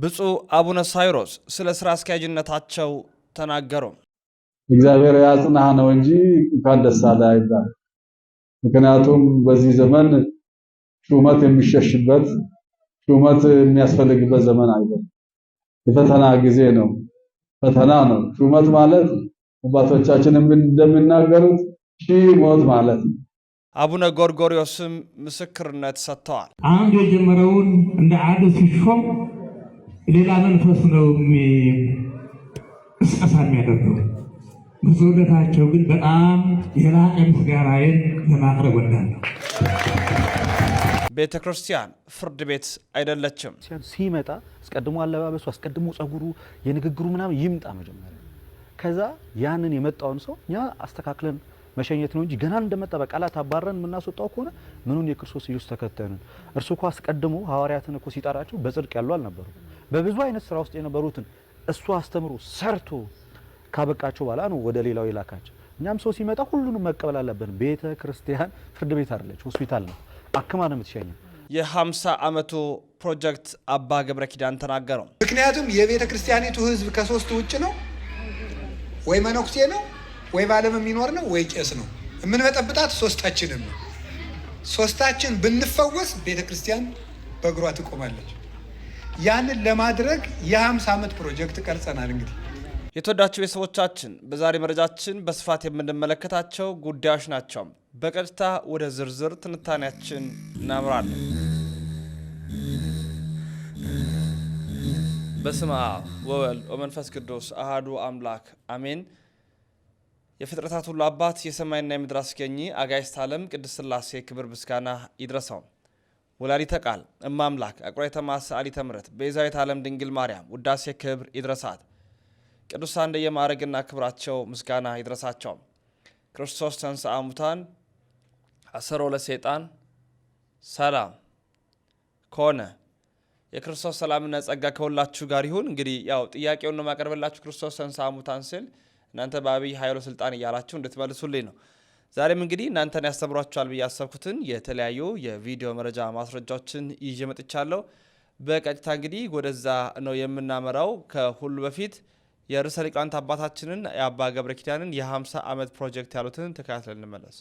ብፁዕ አቡነ ሳይሮስ ስለ ስራ አስኪያጅነታቸው ተናገሩ። እግዚአብሔር ያጽናህ ነው እንጂ እንኳን ደስ ላ ይባል ምክንያቱም በዚህ ዘመን ሹመት የሚሸሽበት ሹመት የሚያስፈልግበት ዘመን አይደለም። የፈተና ጊዜ ነው። ፈተና ነው። ሹመት ማለት አባቶቻችን እንደሚናገሩት ሺህ ሞት ማለት ነው። አቡነ ጎርጎሪዮስም ምስክርነት ሰጥተዋል። አንድ የጀመረውን እንደ አዲስ ሲሾም ሌላ መንፈስ ነው ቅስቀሳ የሚያደርገው። ብዙነታቸው ግን በጣም የላቀ ምስጋናዬን ለማቅረብ ወዳለሁ። ቤተ ክርስቲያን ፍርድ ቤት አይደለችም። ሲመጣ አስቀድሞ አለባበሱ፣ አስቀድሞ ጸጉሩ፣ የንግግሩ ምናምን ይምጣ መጀመሪያ። ከዛ ያንን የመጣውን ሰው እኛ አስተካክለን መሸኘት ነው እንጂ ገና እንደመጣ በቃላት አባረን የምናስወጣው ከሆነ ምኑን የክርስቶስ ኢየሱስ ተከተልን? እርሱ እኮ አስቀድሞ ሐዋርያትን እኮ ሲጠራቸው በጽድቅ ያሉ አልነበሩ። በብዙ አይነት ስራ ውስጥ የነበሩትን እሱ አስተምሮ ሰርቶ ካበቃቸው በኋላ ነው ወደ ሌላው የላካቸው። እኛም ሰው ሲመጣ ሁሉንም መቀበል አለብን። ቤተ ክርስቲያን ፍርድ ቤት አይደለች፣ ሆስፒታል ነው። አክማ ነው የምትሸኘው። የ50 ዓመቱ ፕሮጀክት አባ ገብረ ኪዳን ተናገረው። ምክንያቱም የቤተ ክርስቲያኒቱ ህዝብ ከሶስት ውጭ ነው ወይ መነኩሴ ነው ወይ በዓለም የሚኖር ነው ወይ ቄስ ነው። የምንበጠብጣት ሶስታችንም ነው። ሶስታችን ብንፈወስ ቤተ ክርስቲያን በእግሯ ትቆማለች። ያንን ለማድረግ የ50 ዓመት ፕሮጀክት ቀርጸናል። እንግዲህ የተወዳችሁ ቤተሰቦቻችን በዛሬ መረጃችን በስፋት የምንመለከታቸው ጉዳዮች ናቸው። በቀጥታ ወደ ዝርዝር ትንታኔያችን እናምራለን። በስመ አብ ወወልድ ወመንፈስ ቅዱስ አሃዱ አምላክ አሜን። የፍጥረታት ሁሉ አባት የሰማይና የምድር አስገኚ አጋይስት ዓለም ቅድስት ሥላሴ ክብር ምስጋና ይድረሰው። ወላዲተ ቃል እመ አምላክ አቁራይተ ማሰአሊተ ምሕረት ቤዛዊት ዓለም ድንግል ማርያም ውዳሴ ክብር ይድረሳት። ቅዱሳን እንደየማዕረግና ክብራቸው ምስጋና ይድረሳቸው። ክርስቶስ ተንሥአ እሙታን አሰሮ ለሰይጣን ሰላም ከሆነ የክርስቶስ ሰላምና ጸጋ ከሁላችሁ ጋር ይሁን። እንግዲህ ያው ጥያቄውን ነው የማቀርብላችሁ። ክርስቶስ ተንሥአ እሙታን ስል እናንተ በአብይ ኃይሎ ስልጣን እያላችሁ እንድትመልሱልኝ ነው። ዛሬም እንግዲህ እናንተን ያስተምሯችኋል ብዬ ያሰብኩትን የተለያዩ የቪዲዮ መረጃ ማስረጃዎችን ይዤ መጥቻለሁ። በቀጥታ እንግዲህ ወደዛ ነው የምናመራው። ከሁሉ በፊት የርዕሰ ሊቃውንት አባታችንን የአባ ገብረ ኪዳንን የ50 ዓመት ፕሮጀክት ያሉትን ተከታትለን እንመለስ።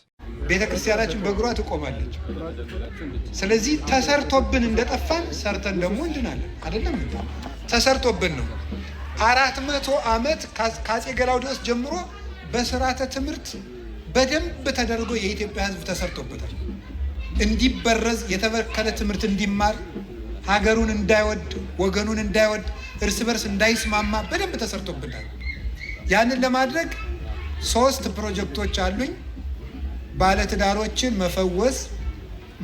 ቤተ ክርስቲያናችን በእግሯ ትቆማለች። ስለዚህ ተሰርቶብን እንደጠፋን ሰርተን ደግሞ እንድናለን። አይደለም ተሰርቶብን ነው አራት መቶ ዓመት ከአጼ ገላውዲዎስ ጀምሮ በስርዓተ ትምህርት በደንብ ተደርጎ የኢትዮጵያ ሕዝብ ተሰርቶበታል። እንዲበረዝ የተበከለ ትምህርት እንዲማር ሀገሩን እንዳይወድ ወገኑን እንዳይወድ እርስ በርስ እንዳይስማማ በደንብ ተሰርቶበታል። ያንን ለማድረግ ሶስት ፕሮጀክቶች አሉኝ። ባለትዳሮችን መፈወስ፣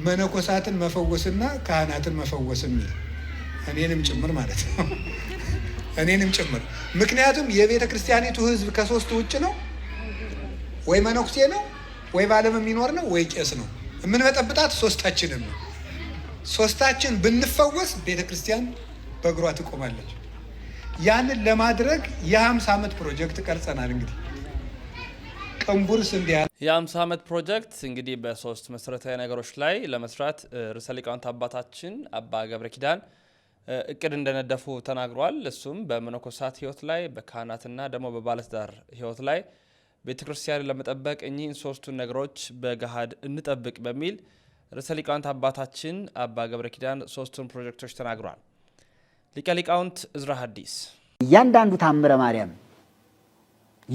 መነኮሳትን መፈወስና ካህናትን መፈወስ የሚል እኔንም ጭምር ማለት ነው። እኔንም ጭምር። ምክንያቱም የቤተ ክርስቲያኒቱ ህዝብ ከሶስት ውጭ ነው። ወይ መነኩሴ ነው፣ ወይ በዓለም የሚኖር ነው፣ ወይ ቄስ ነው። የምንመጠብጣት ሶስታችንም ነው። ሶስታችን ብንፈወስ ቤተ ክርስቲያን በእግሯ ትቆማለች። ያንን ለማድረግ የሀምሳ ዓመት ፕሮጀክት ቀርጸናል። እንግዲህ ቅንቡር ስንዴ የሀምሳ ዓመት ፕሮጀክት እንግዲህ በሶስት መሰረታዊ ነገሮች ላይ ለመስራት ርዕሰ ሊቃውንት አባታችን አባ ገብረ ኪዳን እቅድ እንደነደፉ ተናግረዋል። እሱም በመነኮሳት ህይወት ላይ በካህናትና ደግሞ በባለትዳር ህይወት ላይ ቤተ ክርስቲያን ለመጠበቅ እኚህን ሶስቱን ነገሮች በገሃድ እንጠብቅ በሚል ርዕሰ ሊቃውንት አባታችን አባ ገብረ ኪዳን ሶስቱን ፕሮጀክቶች ተናግሯል። ሊቀ ሊቃውንት እዝራ ሐዲስ እያንዳንዱ ታምረ ማርያም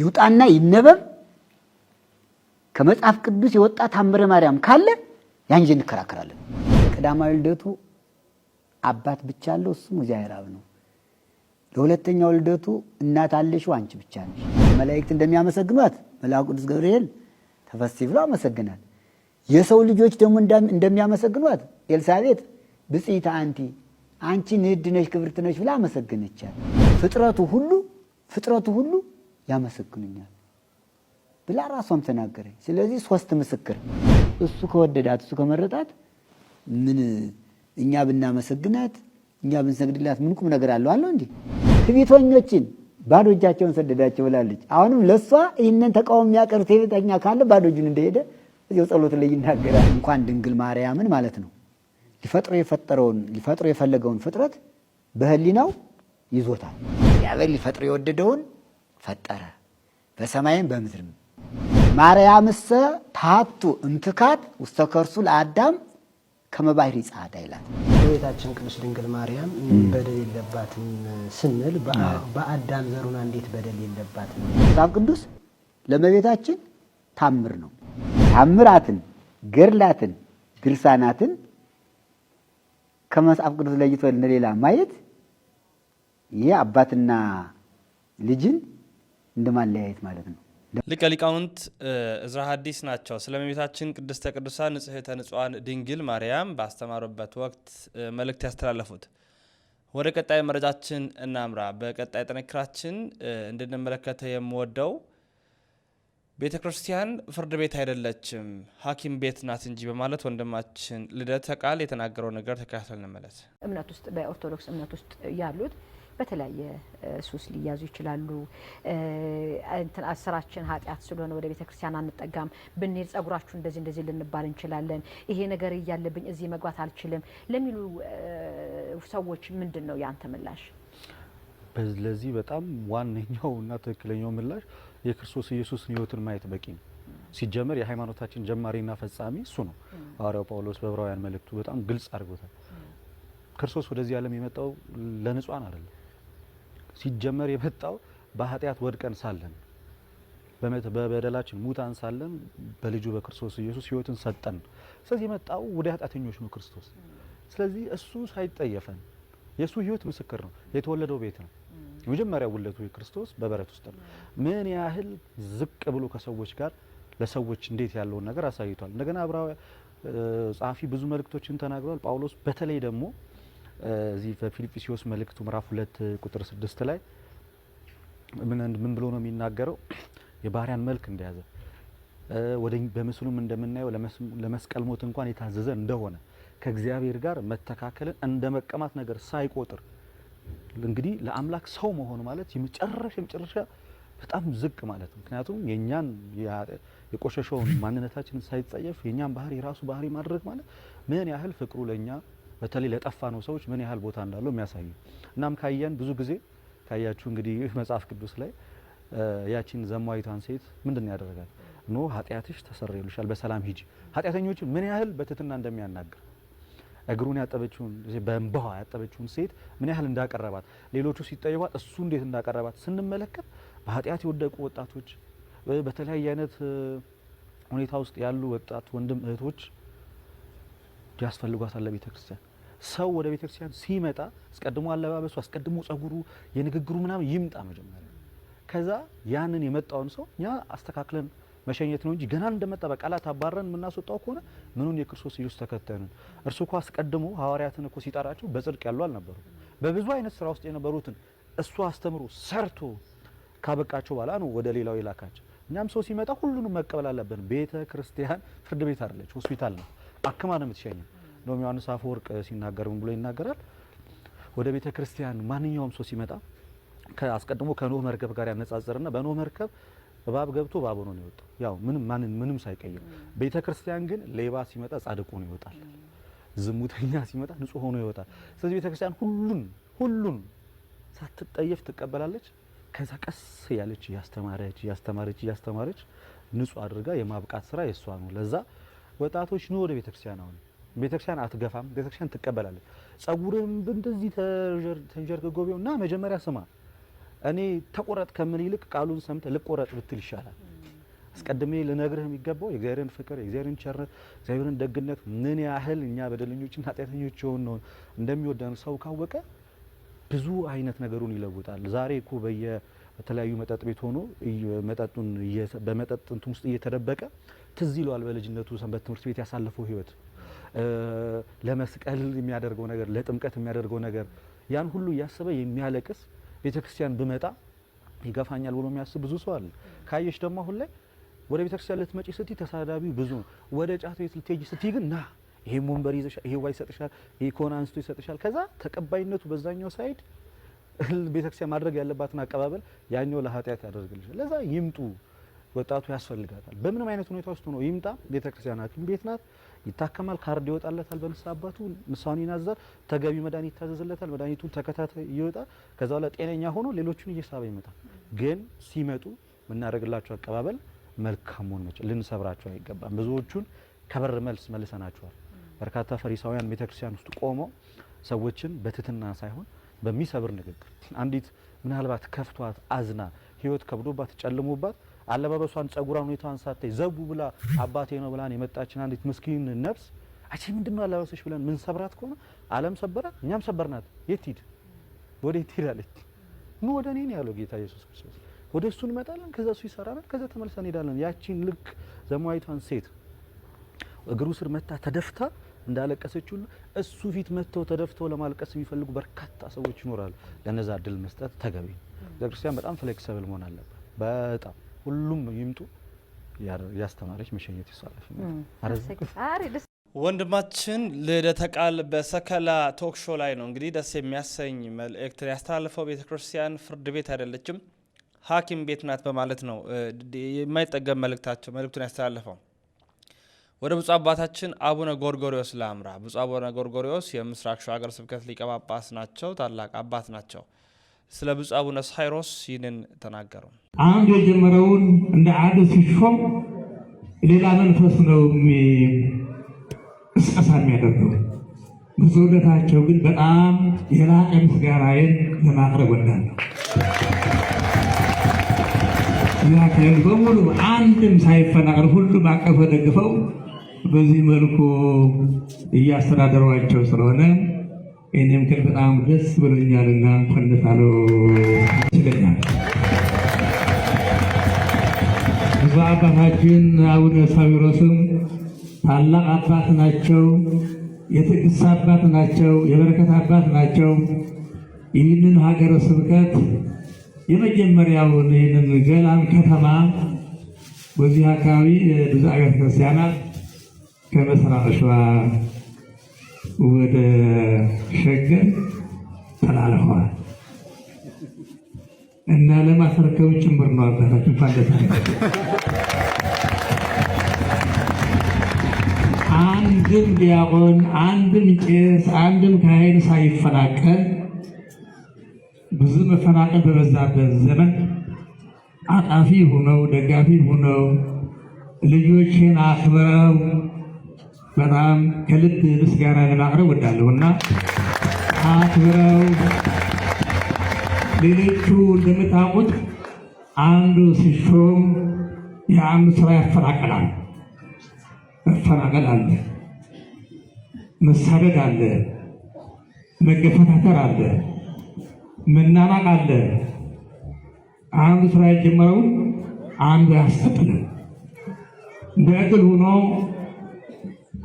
ይውጣና ይነበብ ከመጽሐፍ ቅዱስ የወጣ ታምረ ማርያም ካለ ያን ጊዜ እንከራከራለን። ቀዳማዊ ልደቱ አባት ብቻ አለው፣ እሱም እግዚአብሔር አብ ነው። ለሁለተኛው ልደቱ እናት አለሽው አንቺ ብቻ ነሽ። መላእክት እንደሚያመሰግኗት መልአኩ ቅዱስ ገብርኤል ተፈሲ ብሎ አመሰግናት። የሰው ልጆች ደግሞ እንደሚያመሰግኗት ኤልሳቤጥ ብጽይታ አንቲ አንቺ ንዕድ ነሽ ክብርት ነሽ ብላ አመሰግነቻል። ፍጥረቱ ሁሉ ፍጥረቱ ሁሉ ያመሰግኑኛል ብላ ራሷም ተናገረ። ስለዚህ ሶስት ምስክር እሱ ከወደዳት እሱ ከመረጣት ምን እኛ ብናመሰግናት እኛ ብንሰግድላት ምን ቁም ነገር አለው? አለው እንዲ ትዕቢተኞችን ባዶ እጃቸውን ሰደዳቸው ብላለች። አሁንም ለእሷ ይህንን ተቃውሞ የሚያቀር ትዕቢተኛ ካለ ባዶ እጁን እንደሄደ እዚው ጸሎት ላይ ይናገራል። እንኳን ድንግል ማርያምን ማለት ነው ሊፈጥሮ የፈጠረውን ሊፈጥሮ የፈለገውን ፍጥረት በህሊናው ይዞታል። እግዚአብሔር ሊፈጥሮ የወደደውን ፈጠረ፣ በሰማይም በምድርም። ማርያምሰ ታቱ እምትካት ውስተ ከርሱ ለአዳም ከመባህሪ ጻዳ ይላል። እመቤታችን ቅድስት ድንግል ማርያም በደል የለባትም ስንል በአዳም ዘሩና እንዴት በደል የለባትም? መጽሐፍ ቅዱስ ለእመቤታችን ታምር ነው። ታምራትን፣ ገድላትን፣ ድርሳናትን ከመጽሐፍ ቅዱስ ለይቶ እንደሌላ ማየት ይሄ አባትና ልጅን እንደማለያየት ማለት ነው። ሊቀ ሊቃውንት እዝራ ሐዲስ ናቸው። ስለ እመቤታችን ቅድስተ ቅዱሳን ንጽሕተ ንጹሐን ድንግል ማርያም ባስተማሩበት ወቅት መልእክት ያስተላለፉት። ወደ ቀጣይ መረጃችን እናምራ። በቀጣይ ጥንክራችን እንድንመለከተ የምወደው ቤተ ክርስቲያን ፍርድ ቤት አይደለችም ሐኪም ቤት ናት እንጂ በማለት ወንድማችን ልደተ ቃል የተናገረው ነገር ተከታተል እንመለስ። እምነት ውስጥ በኦርቶዶክስ እምነት ውስጥ ያሉት በተለያየ ሱስ ሊያዙ ይችላሉ። አሰራችን ስራችን ኃጢአት ስለሆነ ወደ ቤተ ክርስቲያን አንጠጋም ብንሄድ ጸጉራችሁ እንደዚህ እንደዚህ ልንባል እንችላለን፣ ይሄ ነገር እያለብኝ እዚህ መግባት አልችልም ለሚሉ ሰዎች ምንድን ነው ያንተ ምላሽ? ለዚህ በጣም ዋነኛው እና ትክክለኛው ምላሽ የክርስቶስ ኢየሱስን ህይወትን ማየት በቂ ነው። ሲጀመር የሃይማኖታችን ጀማሪና ፈጻሚ እሱ ነው። ሐዋርያው ጳውሎስ በዕብራውያን መልእክቱ በጣም ግልጽ አድርጎታል። ክርስቶስ ወደዚህ ዓለም የመጣው ለንጹሐን አይደለም ሲጀመር የመጣው በኃጢአት ወድቀን ሳለን በበደላችን ሙታን ሳለን በልጁ በክርስቶስ ኢየሱስ ህይወትን ሰጠን። ስለዚህ የመጣው ወደ ኃጢአተኞች ነው ክርስቶስ። ስለዚህ እሱ ሳይጠየፈን የእሱ ህይወት ምስክር ነው። የተወለደው ቤት ነው። የመጀመሪያ ውለቱ የክርስቶስ በበረት ውስጥ ነው። ምን ያህል ዝቅ ብሎ ከሰዎች ጋር ለሰዎች እንዴት ያለውን ነገር አሳይቷል። እንደገና ዕብራውያን ጸሐፊ ብዙ መልእክቶችን ተናግሯል። ጳውሎስ በተለይ ደግሞ እዚህ በፊልጵስዎስ መልእክቱ ምዕራፍ ሁለት ቁጥር ስድስት ላይ ምን ብሎ ነው የሚናገረው? የባህሪያን መልክ እንደያዘ በምስሉም እንደምናየው ለመስቀል ሞት እንኳን የታዘዘ እንደሆነ ከእግዚአብሔር ጋር መተካከልን እንደ መቀማት ነገር ሳይቆጥር እንግዲህ ለአምላክ ሰው መሆን ማለት የመጨረሻ የመጨረሻ በጣም ዝቅ ማለት ምክንያቱም የእኛን የቆሸሸውን ማንነታችንን ሳይጸየፍ የእኛን ባህሪ የራሱ ባህሪ ማድረግ ማለት ምን ያህል ፍቅሩ ለእኛ በተለይ ለጠፋ ነው ሰዎች ምን ያህል ቦታ እንዳለው የሚያሳዩ እናም ካየን ብዙ ጊዜ ካያችሁ እንግዲህ መጽሐፍ ቅዱስ ላይ ያቺን ዘማዊቷን ሴት ምንድን ያደረጋል? ኖ ኃጢአትሽ ተሰረየልሻል፣ በሰላም ሂጂ። ኃጢአተኞች ምን ያህል በትህትና እንደሚያናግር እግሩን ያጠበችውን በእንባዋ ያጠበችውን ሴት ምን ያህል እንዳቀረባት፣ ሌሎቹ ሲጠይቋት እሱ እንዴት እንዳቀረባት ስንመለከት በኃጢአት የወደቁ ወጣቶች፣ በተለያየ አይነት ሁኔታ ውስጥ ያሉ ወጣት ወንድም እህቶች ያስፈልጓታል ለቤተ ክርስቲያን። ሰው ወደ ቤተክርስቲያን ሲመጣ አስቀድሞ አለባበሱ፣ አስቀድሞ ጸጉሩ፣ የንግግሩ ምናምን ይምጣ መጀመሪያ። ከዛ ያንን የመጣውን ሰው እኛ አስተካክለን መሸኘት ነው እንጂ ገና እንደመጣ በቃላት አባረን የምናስወጣው ከሆነ ምኑን የክርስቶስ ኢየሱስ ተከተልን? እርሱ እኮ አስቀድሞ ሐዋርያትን እኮ ሲጠራቸው በጽድቅ ያሉ አልነበሩ። በብዙ አይነት ስራ ውስጥ የነበሩትን እሱ አስተምሮ ሰርቶ ካበቃቸው በኋላ ነው ወደ ሌላው የላካቸው። እኛም ሰው ሲመጣ ሁሉንም መቀበል አለብን። ቤተ ክርስቲያን ፍርድ ቤት አይደለች፣ ሆስፒታል ነው። አክማ ነው የምትሸኘው። እንደውም ዮሐንስ አፈወርቅ ሲናገር ምን ብሎ ይናገራል? ወደ ቤተ ክርስቲያን ማንኛውም ሰው ሲመጣ አስቀድሞ ከኖህ መርከብ ጋር ያነጻጽርና በኖህ መርከብ እባብ ገብቶ እባብ ሆኖ ነው የወጣው፣ ያው ምንም ማንን ምንም ሳይቀይር። ቤተ ክርስቲያን ግን ሌባ ሲመጣ ጻድቅ ሆኖ ይወጣል፣ ዝሙተኛ ሲመጣ ንጹህ ሆኖ ይወጣል። ስለዚህ ቤተ ክርስቲያን ሁሉን ሁሉን ሳትጠየፍ ትቀበላለች። ከዛ ቀስ ያለች እያስተማረች እያስተማረች እያስተማረች ንጹህ አድርጋ የማብቃት ስራ የሷ ነው። ለዛ ወጣቶች ኑ ወደ ቤተ ክርስቲያን አሁን ቤተክርስቲያን አትገፋም፣ ቤተክርስቲያን ትቀበላለች። ጸጉርም እንደዚህ ተንጀርግጎ ቢሆን እና መጀመሪያ ስማ እኔ ተቆረጥ ከምን ይልቅ ቃሉን ሰምተ ልቆረጥ ብትል ይሻላል። አስቀድሜ ልነግርህ የሚገባው የእግዚአብሔርን ፍቅር፣ የእግዚአብሔርን ቸርነት፣ እግዚአብሔርን ደግነት ምን ያህል እኛ በደለኞችና ኃጢአተኞች የሆን ነው እንደሚወደን ሰው ካወቀ ብዙ አይነት ነገሩን ይለውጣል። ዛሬ እኮ በየ በተለያዩ መጠጥ ቤት ሆኖ መጠጡን በመጠጥ እንትን ውስጥ እየተደበቀ ትዝ ይለዋል በልጅነቱ ሰንበት ትምህርት ቤት ያሳለፈው ህይወት ለመስቀል የሚያደርገው ነገር፣ ለጥምቀት የሚያደርገው ነገር ያን ሁሉ እያሰበ የሚያለቅስ ቤተክርስቲያን ብመጣ ይገፋኛል ብሎ የሚያስብ ብዙ ሰው አለ። ካየሽ ደግሞ አሁን ላይ ወደ ክርስቲያን ልትመጪ ስትይ ተሳዳቢው ብዙ ነው። ወደ ጫት ቤት ልትሄጂ ስቲ ግን ና ይሄ ወንበር ይዘሻል፣ ይሄ ዋ ይሰጥሻል፣ ይሄ ከሆነ አንስቶ ይሰጥሻል። ከዛ ተቀባይነቱ በዛኛው ሳይድ ቤተክርስቲያን ማድረግ ያለባትን አቀባበል ያኛው ለኃጢአት ያደርግልሻል። ለዛ ይምጡ ወጣቱ ያስፈልጋታል። በምንም አይነት ሁኔታ ውስጥ ነው ይምጣ። ቤተክርስቲያን ሐኪም ቤት ናት። ይታከማል፣ ካርድ ይወጣለታል፣ በንስሐ አባቱ ንስሐውን ይናዛል፣ ተገቢ መድኃኒት ይታዘዝለታል፣ መድኃኒቱን ተከታታይ ይወጣል። ከዛ በኋላ ጤነኛ ሆኖ ሌሎቹን እየሳበ ይመጣል። ግን ሲመጡ የምናደርግላቸው አቀባበል መልካሙን መሆን ልንሰብራቸው አይገባም። ብዙዎቹን ከበር መልስ መልሰናቸዋል። በርካታ ፈሪሳውያን ቤተክርስቲያን ውስጥ ቆመው ሰዎችን በትትና ሳይሆን በሚሰብር ንግግር አንዲት ምናልባት ከፍቷት አዝና ህይወት ከብዶባት ጨልሞባት አለባበሷን፣ ጸጉሯን፣ ሁኔታዋን ሳታይ ዘቡ ብላ አባቴ ነው ብላን የመጣችን አንዲት ምስኪን ነፍስ አቺ ምንድነው አለባበስሽ ብለን ምን ሰብራት ከሆነ ዓለም ሰበራት፣ እኛም ሰበርናት። የት ሂድ ወዴት ሄዳለች? ኑ ወደ እኔ ነው ያለው ጌታ ኢየሱስ ክርስቶስ። ወደ እሱ እንመጣለን፣ ከዛ እሱ ይሰራናል፣ ከዛ ተመልሰን እንሄዳለን። ያቺን ልክ ዘማዊቷን ሴት እግሩ ስር መታ ተደፍታ እንዳለቀሰች ሁሉ እሱ ፊት መጥተው ተደፍተው ለማልቀስ የሚፈልጉ በርካታ ሰዎች ይኖራሉ። ለነዛ እድል መስጠት ተገቢ ነው። ቤተክርስቲያን በጣም ፍሌክሲብል መሆን አለበት በጣም ሁሉም ይምጡ። ያስተማረች መሸኘት ይሳለፍ ወንድማችን ልደተ ቃል በሰከላ ቶክ ሾ ላይ ነው እንግዲህ ደስ የሚያሰኝ መልእክትን ያስተላልፈው። ቤተ ክርስቲያን ፍርድ ቤት አይደለችም ሐኪም ቤት ናት በማለት ነው የማይጠገም መልእክታቸው መልእክቱን ያስተላለፈው። ወደ ብፁ አባታችን አቡነ ጎርጎሪዎስ ለአምራ ብፁ አቡነ ጎርጎሪዎስ የምስራቅ ሸዋ ሀገረ ስብከት ሊቀ ጳጳስ ናቸው። ታላቅ አባት ናቸው። ስለ ብፁዕ አቡነ ሳይሮስ ይህንን ተናገሩ። አንዱ የጀመረውን እንደ አንድ ሲሾም ሌላ መንፈስ ነው እስቀሳ የሚያደርገው። ብፁዕነታቸው ግን በጣም የላቀ ምስጋናዬን ለማቅረብ ወዳለሁ። ያክል በሙሉ አንድም ሳይፈናቀል ሁሉም አቀፈ ደግፈው በዚህ መልኩ እያስተዳደሯቸው ስለሆነ እኔም ግን በጣም ደስ ብሎኛል ብሎኛልና ፈንሳለሁ ይችለኛል። ብዙ አባታችን አቡነ ሳዊሮስም ታላቅ አባት ናቸው፣ የትዕግስት አባት ናቸው፣ የበረከት አባት ናቸው። ይህንን ሀገረ ስብከት የመጀመሪያውን ይህንን ገላን ከተማ በዚህ አካባቢ ብዙ አብያተ ክርስቲያናት ከመስራቅ ሸዋ ወደ ሸገር ተላልፈዋል እና ለማስረከብ ጭምር ነው። አባታችን ፋንደታ አንድም ዲያቆን፣ አንድም ቄስ፣ አንድም ካህን ሳይፈናቀል ብዙ መፈናቀል በበዛበት ዘመን አጣፊ ሆነው ደጋፊ ሆነው ልጆችን አክብረው በጣም ከልብ ምስጋና ለማቅረብ እወዳለሁ እና አክብረው ሌሎቹ እንደምታውቁት አንዱ ሲሾም የአንዱ ስራ ያፈናቀላል። መፈናቀል አለ፣ መሳደድ አለ፣ መገፈታተር አለ፣ መናናቅ አለ። አንዱ ስራ የጀመረውን አንዱ ያስጥላል። እንደ እግል ሆኖ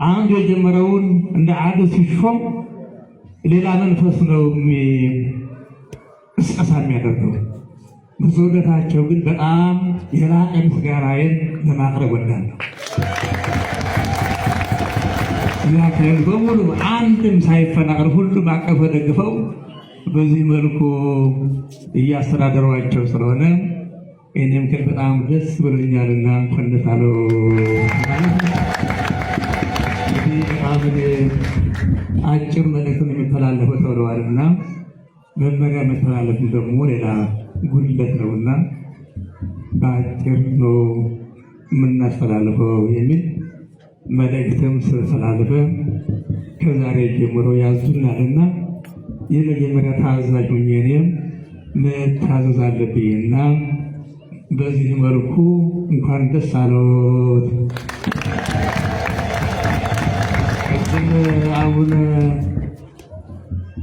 አንዱ የጀመረውን እንደ አንዱ ሲሾም ሌላ መንፈስ ነው ቅስቀሳ የሚያደርገው። ብዙነታቸው ግን በጣም የላቀ ምስጋናዬን ለማቅረብ ወዳለሁ። ያክል በሙሉ አንድም ሳይፈናቀል ሁሉም አቀፈ ደግፈው በዚህ መልኩ እያስተዳደሯቸው ስለሆነ እኔም ግን በጣም ደስ ብሎኛልና ፈንሳለው ማድረግ አጭር መልእክት የሚተላለፈው ተብለዋል እና መመሪያ መተላለፍ ደግሞ ሌላ ጉድለት ነው እና በአጭር ነው የምናስተላልፈው የሚል መልእክትም ስለተላለፈ ከዛሬ ጀምሮ ያዙናል እና የመጀመሪያ ታዛዥ ሆኜ እኔም መታዘዝ አለብኝና በዚህ መልኩ እንኳን ደስ አለዎት። አቡነ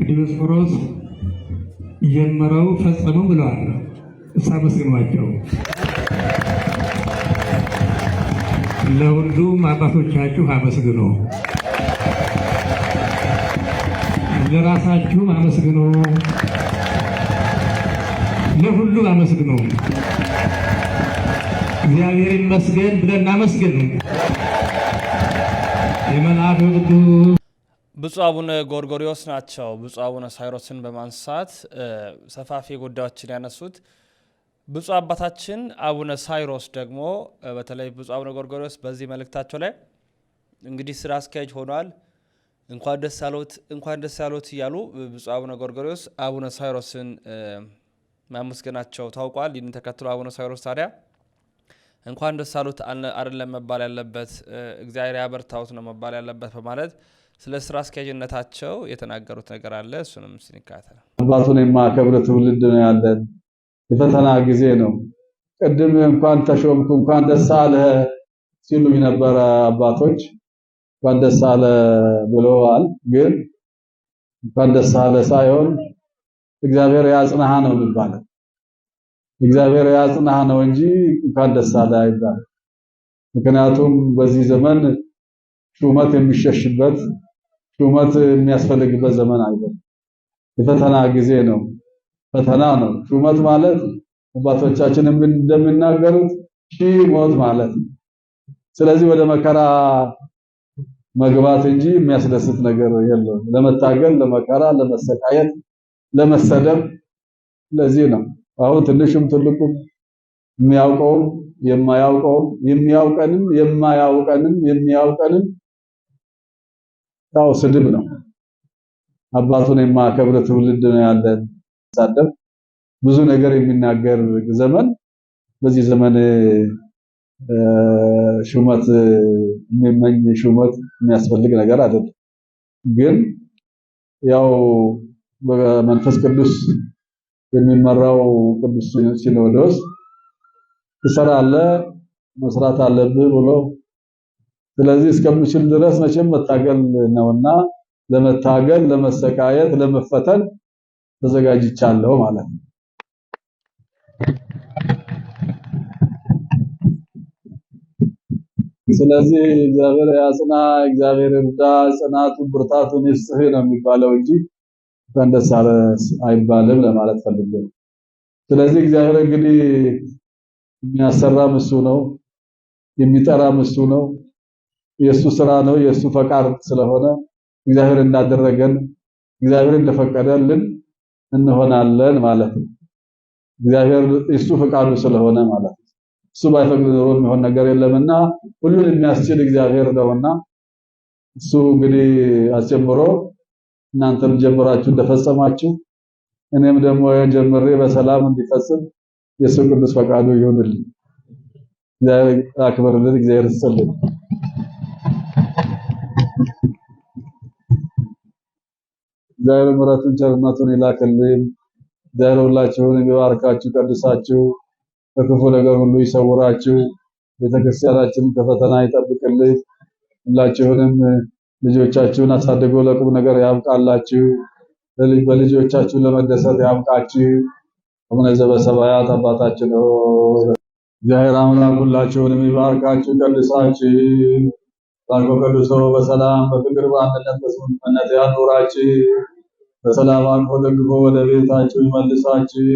ዲዮስቆሮስ ጀምረው ፈጸመው ብለዋል። አመስግኗቸው ለሁሉም አባቶቻችሁ አመስግኖ ለራሳችሁም አመስግኖ ለሁሉም አመስግኖ እግዚአብሔር ይመስገን ብለን አመስግኑ። ብፁዕ አቡነ ጎርጎሪዎስ ናቸው። ብፁዕ አቡነ ሳይሮስን በማንሳት ሰፋፊ ጉዳዮችን ያነሱት ብፁዕ አባታችን አቡነ ሳይሮስ ደግሞ በተለይ ብፁዕ አቡነ ጎርጎሪዎስ በዚህ መልእክታቸው ላይ እንግዲህ ስራ አስኪያጅ ሆኗል። እንኳን ደስ ያሎት እንኳን ደስ ያሎት እያሉ ብፁዕ አቡነ ጎርጎሪዎስ አቡነ ሳይሮስን ማመስገናቸው ታውቋል። ይህን ተከትሎ አቡነ ሳይሮስ ታዲያ እንኳን ደስ አሉት አይደለም መባል ያለበት፣ እግዚአብሔር ያበርታውት ነው መባል ያለበት በማለት ስለ ስራ አስኪያጅነታቸው የተናገሩት ነገር አለ። እሱንም ስንካተል አባቱን የማከብር ትውልድ ነው ያለን። የፈተና ጊዜ ነው። ቅድም እንኳን ተሾምኩ እንኳን ደስ አለ ሲሉኝ ነበረ አባቶች። እንኳን ደስ አለ ብለዋል፣ ግን እንኳን ደስ አለ ሳይሆን እግዚአብሔር ያጽናሃ ነው የሚባለው እግዚአብሔር ያጽናህ ነው እንጂ እንኳን ደስ አለ አይባልም። ምክንያቱም በዚህ ዘመን ሹመት የሚሸሽበት ሹመት የሚያስፈልግበት ዘመን አይደለም። የፈተና ጊዜ ነው። ፈተና ነው። ሹመት ማለት አባቶቻችን እንደሚናገሩት ሺህ ሞት ማለት ነው። ስለዚህ ወደ መከራ መግባት እንጂ የሚያስደስት ነገር የለውም። ለመታገል፣ ለመከራ፣ ለመሰቃየት፣ ለመሰደብ ለዚህ ነው። አሁን ትንሹም ትልቁም የሚያውቀውም የማያውቀውም የሚያውቀንም የማያውቀንም የሚያውቀንም ያው ስድብ ነው። አባቱን የማከብር ትውልድ ነው ያለን። ሳደብ ብዙ ነገር የሚናገር ዘመን በዚህ ዘመን ሹመት የሚመኝ ሹመት የሚያስፈልግ ነገር አይደለም። ግን ያው በመንፈስ ቅዱስ የሚመራው ቅዱስ ሲኖዶስ ትሰራለህ፣ መስራት አለብህ ብሎ ስለዚህ እስከምችል ድረስ መቼም መታገል ነውና ለመታገል፣ ለመሰቃየት፣ ለመፈተን ተዘጋጅቻለሁ ማለት ነው። ስለዚህ እግዚአብሔር ያጽና፣ እግዚአብሔር እርዳ፣ ጽናቱን ብርታቱን ይስጥህ ነው የሚባለው እንጂ እንኳን ደስ አለ አይባልም ለማለት ፈልጌ ነው። ስለዚህ እግዚአብሔር እንግዲህ የሚያሰራም እሱ ነው፣ የሚጠራም እሱ ነው። የእሱ ስራ ነው፣ የእሱ ፈቃድ ስለሆነ እግዚአብሔር እንዳደረገን እግዚአብሔር እንደፈቀደልን እንሆናለን ማለት ነው። እግዚአብሔር እሱ ፈቃዱ ስለሆነ ማለት ነው። እሱ ባይፈቅድ ኖሮ የሚሆን ነገር የለምና ሁሉን የሚያስችል እግዚአብሔር ነውና እሱ እንግዲህ አስጀምሮ እናንተም ጀምራችሁ እንደፈጸማችሁ እኔም ደግሞ ጀምሬ በሰላም እንዲፈጽም የሱ ቅዱስ ፈቃዱ ይሁንልኝ። አክብርልን። እግዚአብሔር ይስጥልን። እግዚአብሔር ምሕረቱን ቸርነቱን ይላክልን። እግዚአብሔር ሁላችሁን ይባርካችሁ፣ ቀድሳችሁ፣ ከክፉ ነገር ሁሉ ይሰውራችሁ፣ ቤተክርስቲያናችንን ከፈተና ይጠብቅልን። ሁላችሁንም ልጆቻችሁን አሳድጎ ለቁም ነገር ያብቃላችሁ። በልጆቻችሁ ለመደሰት ያብቃችሁ። አቡነ ዘበሰማያት አባታችን ሆይ እግዚአብሔር አምላክ ሁላችሁንም ይባርካችሁ፣ ቀድሳችሁ ባርኮ ቀድሶ በሰላም በፍቅር በአንድነት በስምምነት ያኖራችሁ፣ በሰላም አቅፎ ደግፎ ወደ ቤታችሁ ይመልሳችሁ።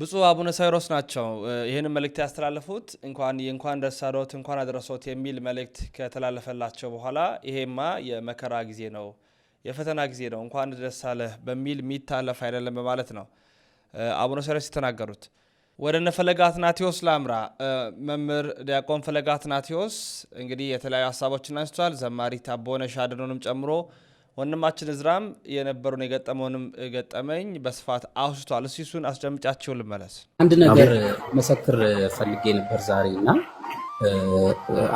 ብፁዕ አቡነ ሳይሮስ ናቸው ይህንን መልእክት ያስተላለፉት። እንኳን የእንኳን ደስ እንኳን አደረሶት የሚል መልእክት ከተላለፈላቸው በኋላ ይሄማ የመከራ ጊዜ ነው፣ የፈተና ጊዜ ነው፣ እንኳን ደሳለህ በሚል የሚታለፍ አይደለም በማለት ነው አቡነ ሳይሮስ የተናገሩት። ወደ እነ ፈለገ አትናቴዎስ ላምራ። መምህር ዲያቆን ፈለገ አትናቴዎስ እንግዲህ የተለያዩ ሀሳቦችን አንስቷል። ዘማሪ ታቦነሽ አድኖንም ጨምሮ ወንድማችን እዝራም የነበሩን የገጠመውንም ገጠመኝ በስፋት አውስቷል። እሱ እሱን አስደምጫቸው ልመለስ። አንድ ነገር መሰክር ፈልጌ ነበር ዛሬ እና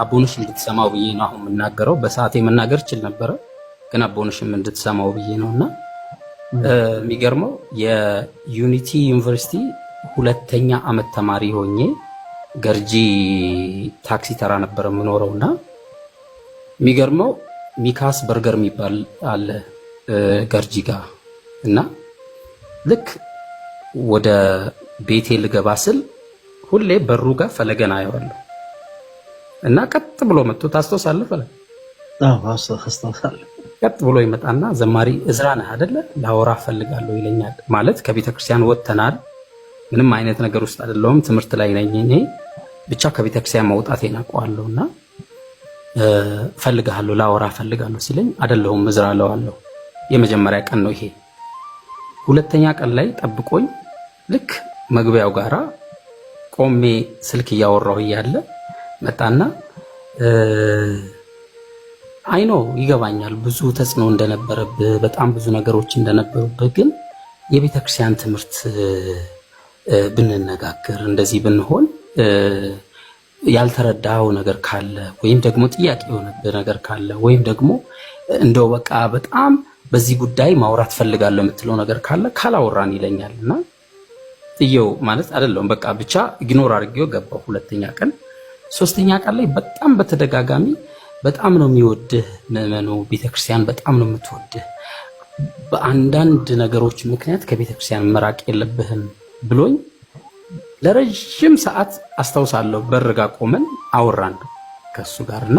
አቦነሽ እንድትሰማው ብዬ ነው አሁን የምናገረው። በሰዓቴ መናገር ችል ነበረ፣ ግን አቦነሽም እንድትሰማው ብዬ ነው እና የሚገርመው የዩኒቲ ዩኒቨርሲቲ ሁለተኛ ዓመት ተማሪ ሆኜ ገርጂ ታክሲ ተራ ነበረ የምኖረው እና የሚገርመው ሚካስ በርገር የሚባል አለ ገርጂ ጋ እና ልክ ወደ ቤቴ ልገባ ስል ሁሌ በሩ ጋር ፈለገን አየዋለሁ እና ቀጥ ብሎ መጥቶ ታስታውሳለህ? ፈለ ቀጥ ብሎ ይመጣና ዘማሪ እዝራ ነህ አደለ ላወራ ፈልጋለሁ ይለኛል። ማለት ከቤተ ክርስቲያን ወጥተናል። ምንም አይነት ነገር ውስጥ አይደለሁም። ትምህርት ላይ ነኝ ብቻ ከቤተ ክርስቲያን መውጣቴን እና ፈልጋለሁ ላወራ ፈልጋለሁ ሲለኝ አይደለሁም እዝራ እለዋለሁ። የመጀመሪያ ቀን ነው ይሄ። ሁለተኛ ቀን ላይ ጠብቆኝ ልክ መግቢያው ጋራ ቆሜ ስልክ እያወራሁ እያለ መጣና አይኖ ይገባኛል፣ ብዙ ተጽዕኖ እንደነበረብህ በጣም ብዙ ነገሮች እንደነበሩብህ፣ ግን የቤተክርስቲያን ትምህርት ብንነጋገር እንደዚህ ብንሆን ያልተረዳው ነገር ካለ ወይም ደግሞ ጥያቄ የሆነብህ ነገር ካለ ወይም ደግሞ እንደው በቃ በጣም በዚህ ጉዳይ ማውራት ፈልጋለሁ የምትለው ነገር ካለ ካላወራን ይለኛል እና እየው ማለት አይደለም በቃ ብቻ ኢግኖር አድርጌው ገባው። ሁለተኛ ቀን ሶስተኛ ቀን ላይ በጣም በተደጋጋሚ በጣም ነው የሚወድህ ምዕመኑ፣ ቤተክርስቲያን በጣም ነው የምትወድህ፣ በአንዳንድ ነገሮች ምክንያት ከቤተክርስቲያን መራቅ የለብህም ብሎኝ ለረዥም ሰዓት አስታውሳለሁ። በርጋ ቆመን አወራን ከሱ ጋርና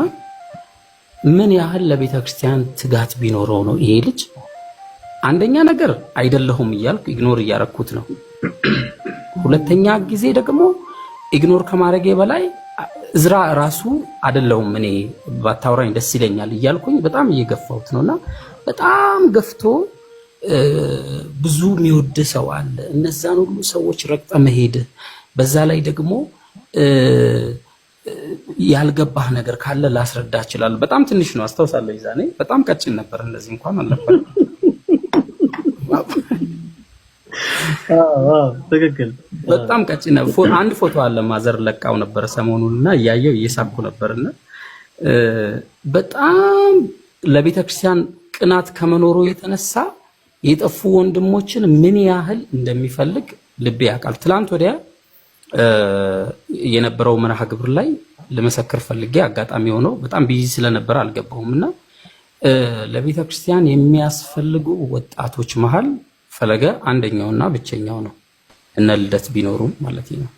ምን ያህል ለቤተ ክርስቲያን ትጋት ቢኖረው ነው ይሄ ልጅ። አንደኛ ነገር አይደለሁም እያልኩ ኢግኖር እያረኩት ነው። ሁለተኛ ጊዜ ደግሞ ኢግኖር ከማድረጌ በላይ እዝራ ራሱ አይደለሁም እኔ ባታውራኝ ደስ ይለኛል እያልኩኝ በጣም እየገፋሁት ነውእና በጣም ገፍቶ ብዙ የሚወድ ሰው አለ። እነዛን ሁሉ ሰዎች ረግጠ መሄድ በዛ ላይ ደግሞ ያልገባህ ነገር ካለ ላስረዳ እችላለሁ። በጣም ትንሽ ነው አስታውሳለሁ። ይዛኔ በጣም ቀጭን ነበር፣ እንደዚህ እንኳን አልነበር። ትክክል፣ በጣም ቀጭን ነበር። አንድ ፎቶ አለ ማዘር ለቃው ነበር ሰሞኑን እና እያየው እየሳኩ ነበርና በጣም ለቤተክርስቲያን ቅናት ከመኖሩ የተነሳ የጠፉ ወንድሞችን ምን ያህል እንደሚፈልግ ልቤ ያውቃል። ትላንት ወዲያ የነበረው መርሃ ግብር ላይ ለመሰክር ፈልጌ አጋጣሚ ሆነው በጣም ቢዚ ስለነበረ አልገባሁም እና ለቤተ ክርስቲያን የሚያስፈልጉ ወጣቶች መሀል ፈለገ አንደኛውና ብቸኛው ነው። እነ ልደት ቢኖሩም ማለት ነው።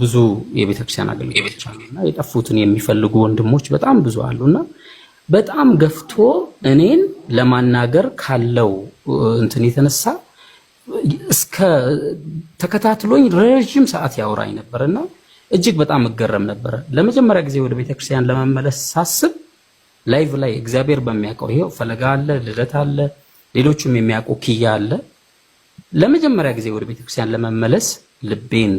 ብዙ የቤተክርስቲያን አገልግሎቶች የጠፉትን የሚፈልጉ ወንድሞች በጣም ብዙ አሉና በጣም ገፍቶ እኔን ለማናገር ካለው እንትን የተነሳ እስከ ተከታትሎኝ ረዥም ሰዓት ያወራኝ ነበር እና እጅግ በጣም እገረም ነበረ። ለመጀመሪያ ጊዜ ወደ ቤተክርስቲያን ለመመለስ ሳስብ ላይቭ ላይ እግዚአብሔር በሚያውቀው ይሄው ፈለጋ አለ፣ ልደት አለ፣ ሌሎችም የሚያውቁ ክያ አለ። ለመጀመሪያ ጊዜ ወደ ቤተክርስቲያን ለመመለስ ልቤን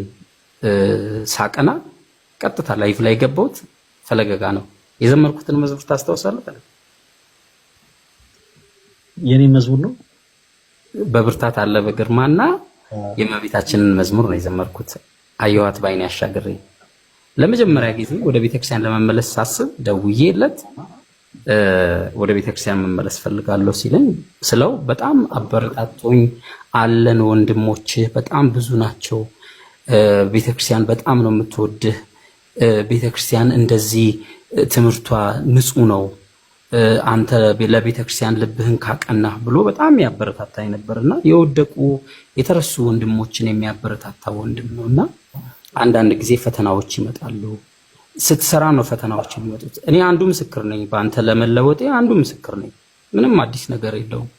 ሳቀና ቀጥታ ላይቭ ላይ ገባሁት ፈለገጋ ነው የዘመርኩትን መዝሙር ታስታውሳለህ? የኔ መዝሙር ነው። በብርታት አለበ በግርማና የእመቤታችንን መዝሙር ነው የዘመርኩት። አየዋት ባይኔ ያሻገረኝ ለመጀመሪያ ጊዜ ወደ ቤተክርስቲያን ለመመለስ ሳስብ ደውዬለት ወደ ቤተክርስቲያን መመለስ ፈልጋለሁ ሲለኝ ስለው በጣም አበረታቶኝ አለን ወንድሞችህ በጣም ብዙ ናቸው። ቤተክርስቲያን በጣም ነው የምትወድህ። ቤተክርስቲያን እንደዚህ ትምህርቷ ንጹህ ነው፣ አንተ ለቤተ ክርስቲያን ልብህን ካቀናህ ብሎ በጣም ያበረታታ ነበር እና የወደቁ የተረሱ ወንድሞችን የሚያበረታታ ወንድም ነው እና አንዳንድ ጊዜ ፈተናዎች ይመጣሉ። ስትሰራ ነው ፈተናዎች የሚመጡት። እኔ አንዱ ምስክር ነኝ፣ በአንተ ለመለወጤ አንዱ ምስክር ነኝ። ምንም አዲስ ነገር የለውም።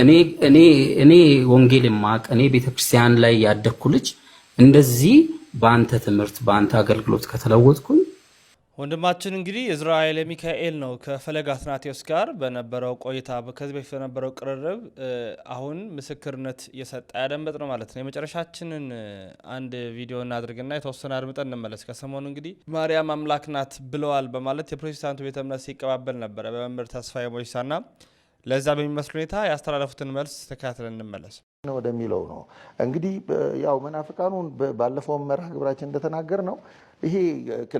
እኔ እኔ እኔ ወንጌል የማቅ እኔ ቤተክርስቲያን ላይ ያደግኩ ልጅ እንደዚህ በአንተ ትምህርት በአንተ አገልግሎት ከተለወጥኩኝ ወንድማችን እንግዲህ እዝራኤል ሚካኤል ነው ከፈለገ አትናቴዎስ ጋር በነበረው ቆይታ ከዚህ በፊት በነበረው ቅርርብ አሁን ምስክርነት እየሰጠ ያደመጥ ነው ማለት ነው። የመጨረሻችንን አንድ ቪዲዮ እናድርግና የተወሰነ አድምጠን እንመለስ። ከሰሞኑ እንግዲህ ማርያም አምላክ ናት ብለዋል በማለት የፕሮቴስታንቱ ቤተ እምነት ሲቀባበል ነበረ በመምህር ተስፋዬ ሞይሳና ለዛ በሚመስል ሁኔታ ያስተላለፉትን መልስ ተከታትለን እንመለስ ወደሚለው ነው እንግዲህ ያው መናፍቃኑን ባለፈው መርሃ ግብራችን እንደተናገር ነው ይሄ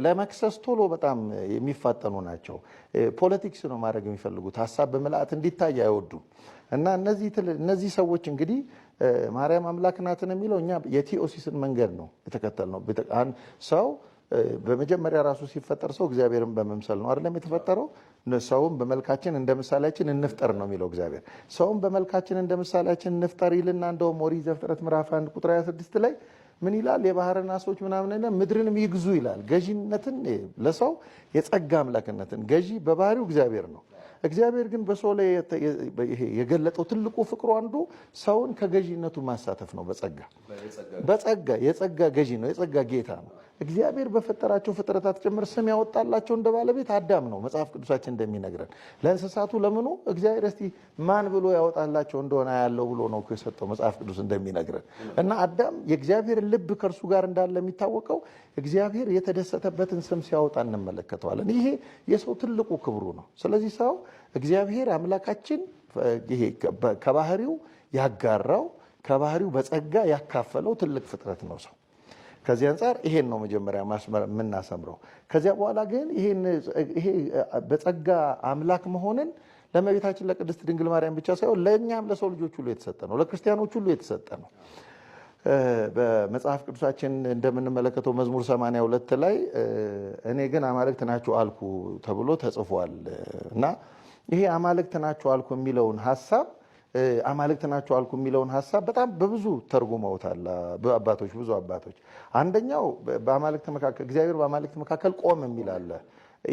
ለመክሰስ ቶሎ በጣም የሚፋጠኑ ናቸው። ፖለቲክስ ነው ማድረግ የሚፈልጉት ሀሳብ በምልአት እንዲታይ አይወዱም። እና እነዚህ ሰዎች እንግዲህ ማርያም አምላክ ናትን የሚለው እኛ የቲኦሲስን መንገድ ነው የተከተልነው። ሰው በመጀመሪያ ራሱ ሲፈጠር ሰው እግዚአብሔርን በመምሰል ነው አይደለም የተፈጠረው። ሰውም በመልካችን እንደ ምሳሌያችን እንፍጠር ነው የሚለው እግዚአብሔር። ሰውም በመልካችን እንደ ምሳሌያችን እንፍጠር ይልና እንደውም ኦሪት ዘፍጥረት ምዕራፍ 1 ቁጥር 26 ላይ ምን ይላል? የባህርን አሶች ምናምን ምድርንም ይግዙ ይላል። ገዢነትን ለሰው የጸጋ አምላክነትን ገዢ በባህሪው እግዚአብሔር ነው። እግዚአብሔር ግን በሰው ላይ የገለጠው ትልቁ ፍቅሩ አንዱ ሰውን ከገዢነቱ ማሳተፍ ነው። በጸጋ በጸጋ የጸጋ ገዢ ነው። የጸጋ ጌታ ነው። እግዚአብሔር በፈጠራቸው ፍጥረታት ጭምር ስም ያወጣላቸው እንደ ባለቤት አዳም ነው። መጽሐፍ ቅዱሳችን እንደሚነግረን ለእንስሳቱ ለምኑ እግዚአብሔር እስቲ ማን ብሎ ያወጣላቸው እንደሆነ ያለው ብሎ ነው የሰጠው መጽሐፍ ቅዱስ እንደሚነግረን እና አዳም የእግዚአብሔር ልብ ከእርሱ ጋር እንዳለ የሚታወቀው እግዚአብሔር የተደሰተበትን ስም ሲያወጣ እንመለከተዋለን። ይሄ የሰው ትልቁ ክብሩ ነው። ስለዚህ ሰው እግዚአብሔር አምላካችን ከባህሪው ያጋራው ከባህሪው በጸጋ ያካፈለው ትልቅ ፍጥረት ነው ሰው ከዚህ አንጻር ይሄን ነው መጀመሪያ ማስመር የምናሰምረው። ከዚያ በኋላ ግን ይሄ በጸጋ አምላክ መሆንን ለመቤታችን ለቅድስት ድንግል ማርያም ብቻ ሳይሆን ለእኛም ለሰው ልጆች ሁሉ የተሰጠ ነው፣ ለክርስቲያኖች ሁሉ የተሰጠ ነው። በመጽሐፍ ቅዱሳችን እንደምንመለከተው መዝሙር 82 ላይ እኔ ግን አማልክት ናችሁ አልኩ ተብሎ ተጽፏል እና ይሄ አማልክት ናችሁ አልኩ የሚለውን ሀሳብ አማልክት ናቸው አልኩ የሚለውን ሀሳብ በጣም በብዙ ተርጉመውታል አባቶች፣ ብዙ አባቶች። አንደኛው በአማልክት መካከል እግዚአብሔር በአማልክት መካከል ቆመ የሚል አለ።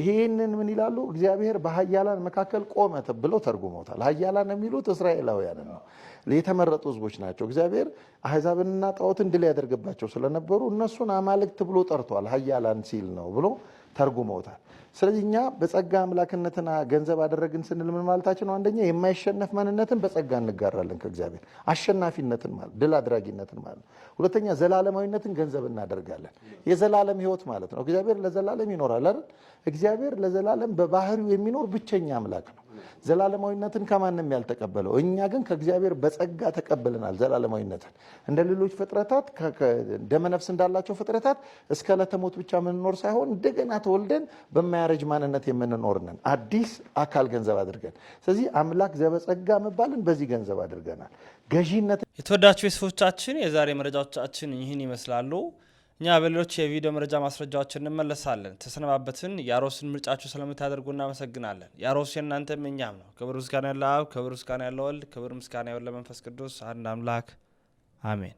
ይህንን ምን ይላሉ? እግዚአብሔር በሀያላን መካከል ቆመ ብለው ተርጉመውታል። ሀያላን የሚሉት እስራኤላውያንን ነው፣ የተመረጡ ህዝቦች ናቸው። እግዚአብሔር አህዛብንና ጣዖትን ድል ያደርግባቸው ስለነበሩ እነሱን አማልክት ብሎ ጠርቷል። ሀያላን ሲል ነው ብሎ ተርጉመውታል። ስለዚህ እኛ በጸጋ አምላክነትና ገንዘብ አደረግን ስንል ምን ማለታችን ነው? አንደኛ የማይሸነፍ ማንነትን በጸጋ እንጋራለን ከእግዚአብሔር አሸናፊነትን ማለት ድል አድራጊነትን ማለት ነው። ሁለተኛ ዘላለማዊነትን ገንዘብ እናደርጋለን። የዘላለም ሕይወት ማለት ነው። እግዚአብሔር ለዘላለም ይኖራል አይደል? እግዚአብሔር ለዘላለም በባህሪው የሚኖር ብቸኛ አምላክ ነው። ዘላለማዊነትን ከማንም ያልተቀበለው እኛ ግን ከእግዚአብሔር በጸጋ ተቀብለናል። ዘላለማዊነትን እንደ ሌሎች ፍጥረታት ደመነፍስ እንዳላቸው ፍጥረታት እስከ ለተሞት ብቻ የምንኖር ሳይሆን እንደገና ተወልደን በማያረጅ ማንነት የምንኖር ነን፣ አዲስ አካል ገንዘብ አድርገን። ስለዚህ አምላክ ዘበጸጋ መባልን በዚህ ገንዘብ አድርገናል። ገዢነት የተወዳቸው ቤተሰቦቻችን የዛሬ መረጃዎቻችን ይህን ይመስላሉ። እኛ በሌሎች የቪዲዮ መረጃ ማስረጃዎችን እንመለሳለን። ተሰነባበትን። የአሮስን ምርጫችሁ ስለምታደርጉ እናመሰግናለን። የአሮስ የእናንተም እኛም ነው። ክብር ምስጋና ያለ አብ፣ ክብር ምስጋና ያለ ወልድ፣ ክብር ምስጋና ያለ መንፈስ ቅዱስ አንድ አምላክ አሜን።